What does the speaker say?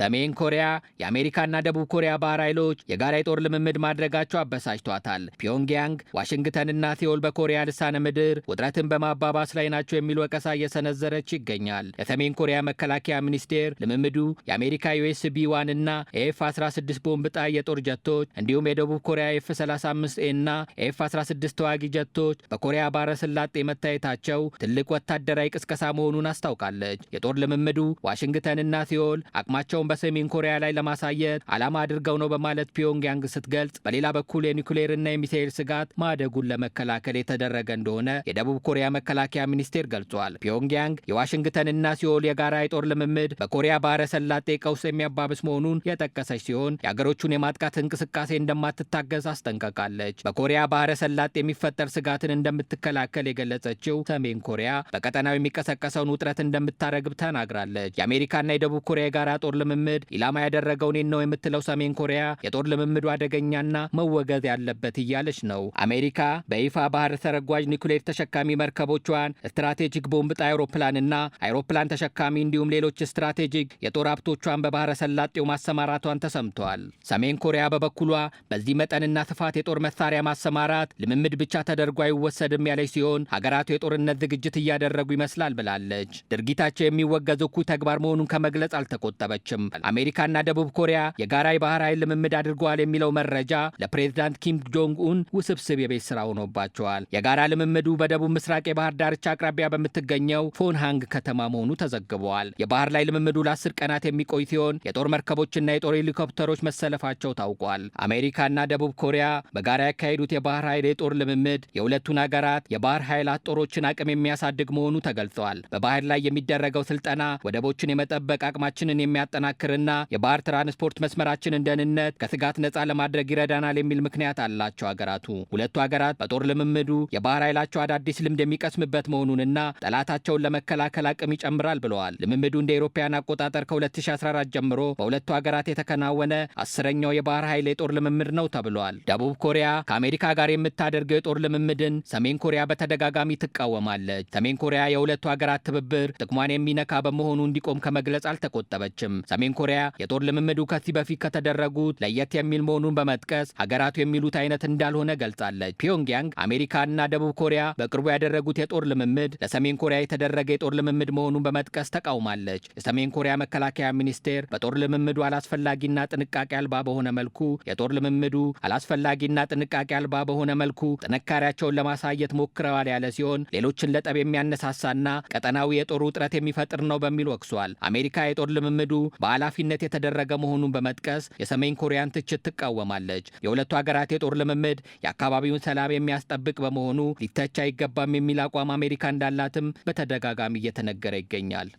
ሰሜን ኮሪያ የአሜሪካና ደቡብ ኮሪያ ባህር ኃይሎች የጋራ የጦር ልምምድ ማድረጋቸው አበሳጭቷታል። ፒዮንግያንግ፣ ዋሽንግተንና ሴውል በኮሪያ ልሳነ ምድር ውጥረትን በማባባስ ላይ ናቸው የሚል ወቀሳ እየሰነዘረች ይገኛል። የሰሜን ኮሪያ መከላከያ ሚኒስቴር ልምምዱ የአሜሪካ ዩኤስቢ ዋን እና ኤፍ 16 ቦምብ ጣይ የጦር ጀቶች እንዲሁም የደቡብ ኮሪያ ኤፍ 35 ኤ እና ኤፍ 16 ተዋጊ ጀቶች በኮሪያ ባህረ ስላጤ መታየታቸው ትልቅ ወታደራዊ ቅስቀሳ መሆኑን አስታውቃለች። የጦር ልምምዱ ዋሽንግተንና ሴውል አቅማቸውን ተግባራቸውን በሰሜን ኮሪያ ላይ ለማሳየት ዓላማ አድርገው ነው በማለት ፒዮንግያንግ ስትገልጽ፣ በሌላ በኩል የኒውክሌርና የሚሳኤል ስጋት ማደጉን ለመከላከል የተደረገ እንደሆነ የደቡብ ኮሪያ መከላከያ ሚኒስቴር ገልጿል። ፒዮንግያንግ የዋሽንግተንና ሲኦል የጋራ የጦር ልምምድ በኮሪያ ባህረ ሰላጤ ቀውስ የሚያባብስ መሆኑን የጠቀሰች ሲሆን የአገሮቹን የማጥቃት እንቅስቃሴ እንደማትታገዝ አስጠንቀቃለች። በኮሪያ ባህረ ሰላጤ የሚፈጠር ስጋትን እንደምትከላከል የገለጸችው ሰሜን ኮሪያ በቀጠናው የሚቀሰቀሰውን ውጥረት እንደምታረግብ ተናግራለች። የአሜሪካና የደቡብ ኮሪያ የጋራ ጦር ልምምድ ልምምድ ኢላማ ያደረገው እኔን ነው የምትለው ሰሜን ኮሪያ የጦር ልምምዱ አደገኛና መወገዝ ያለበት እያለች ነው። አሜሪካ በይፋ ባህር ተረጓጅ ኒኩሌር ተሸካሚ መርከቦቿን፣ ስትራቴጂክ ቦምብ ጣይ አውሮፕላንና አይሮፕላን ተሸካሚ እንዲሁም ሌሎች ስትራቴጂክ የጦር ሀብቶቿን በባህረ ሰላጤው ማሰማራቷን ተሰምቷል። ሰሜን ኮሪያ በበኩሏ በዚህ መጠንና ስፋት የጦር መሳሪያ ማሰማራት ልምምድ ብቻ ተደርጎ አይወሰድም ያለች ሲሆን ሀገራቱ የጦርነት ዝግጅት እያደረጉ ይመስላል ብላለች። ድርጊታቸው የሚወገዝ እኩይ ተግባር መሆኑን ከመግለጽ አልተቆጠበችም። አሜሪካና ደቡብ ኮሪያ የጋራ የባህር ኃይል ልምምድ አድርገዋል የሚለው መረጃ ለፕሬዝዳንት ኪም ጆንግ ኡን ውስብስብ የቤት ስራ ሆኖባቸዋል። የጋራ ልምምዱ በደቡብ ምስራቅ የባህር ዳርቻ አቅራቢያ በምትገኘው ፎን ሃንግ ከተማ መሆኑ ተዘግበዋል። የባህር ላይ ልምምዱ ለአስር ቀናት የሚቆይ ሲሆን የጦር መርከቦችና የጦር ሄሊኮፕተሮች መሰለፋቸው ታውቋል። አሜሪካና ደቡብ ኮሪያ በጋራ ያካሄዱት የባህር ኃይል የጦር ልምምድ የሁለቱን አገራት የባህር ኃይላት ጦሮችን አቅም የሚያሳድግ መሆኑ ተገልጿል። በባህር ላይ የሚደረገው ስልጠና ወደቦችን የመጠበቅ አቅማችንን የሚያጠና እንድናጠናክርና የባህር ትራንስፖርት መስመራችንን ደህንነት ከስጋት ነጻ ለማድረግ ይረዳናል የሚል ምክንያት አላቸው ሀገራቱ። ሁለቱ ሀገራት በጦር ልምምዱ የባህር ኃይላቸው አዳዲስ ልምድ የሚቀስምበት መሆኑንና ጠላታቸውን ለመከላከል አቅም ይጨምራል ብለዋል። ልምምዱ እንደ አውሮፓውያን አቆጣጠር ከ2014 ጀምሮ በሁለቱ ሀገራት የተከናወነ አስረኛው የባህር ኃይል የጦር ልምምድ ነው ተብሏል። ደቡብ ኮሪያ ከአሜሪካ ጋር የምታደርገው የጦር ልምምድን ሰሜን ኮሪያ በተደጋጋሚ ትቃወማለች። ሰሜን ኮሪያ የሁለቱ ሀገራት ትብብር ጥቅሟን የሚነካ በመሆኑ እንዲቆም ከመግለጽ አልተቆጠበችም። ሰሜን ኮሪያ የጦር ልምምዱ ከዚህ በፊት ከተደረጉት ለየት የሚል መሆኑን በመጥቀስ ሀገራቱ የሚሉት አይነት እንዳልሆነ ገልጻለች። ፒዮንግያንግ አሜሪካና ደቡብ ኮሪያ በቅርቡ ያደረጉት የጦር ልምምድ ለሰሜን ኮሪያ የተደረገ የጦር ልምምድ መሆኑን በመጥቀስ ተቃውማለች። የሰሜን ኮሪያ መከላከያ ሚኒስቴር በጦር ልምምዱ አላስፈላጊና ጥንቃቄ አልባ በሆነ መልኩ የጦር ልምምዱ አላስፈላጊና ጥንቃቄ አልባ በሆነ መልኩ ጥንካሬያቸውን ለማሳየት ሞክረዋል ያለ ሲሆን ሌሎችን ለጠብ የሚያነሳሳና ቀጠናዊ የጦር ውጥረት የሚፈጥር ነው በሚል ወቅሷል። አሜሪካ የጦር ልምምዱ በኃላፊነት የተደረገ መሆኑን በመጥቀስ የሰሜን ኮሪያን ትችት ትቃወማለች። የሁለቱ ሀገራት የጦር ልምምድ የአካባቢውን ሰላም የሚያስጠብቅ በመሆኑ ሊተች አይገባም የሚል አቋም አሜሪካ እንዳላትም በተደጋጋሚ እየተነገረ ይገኛል።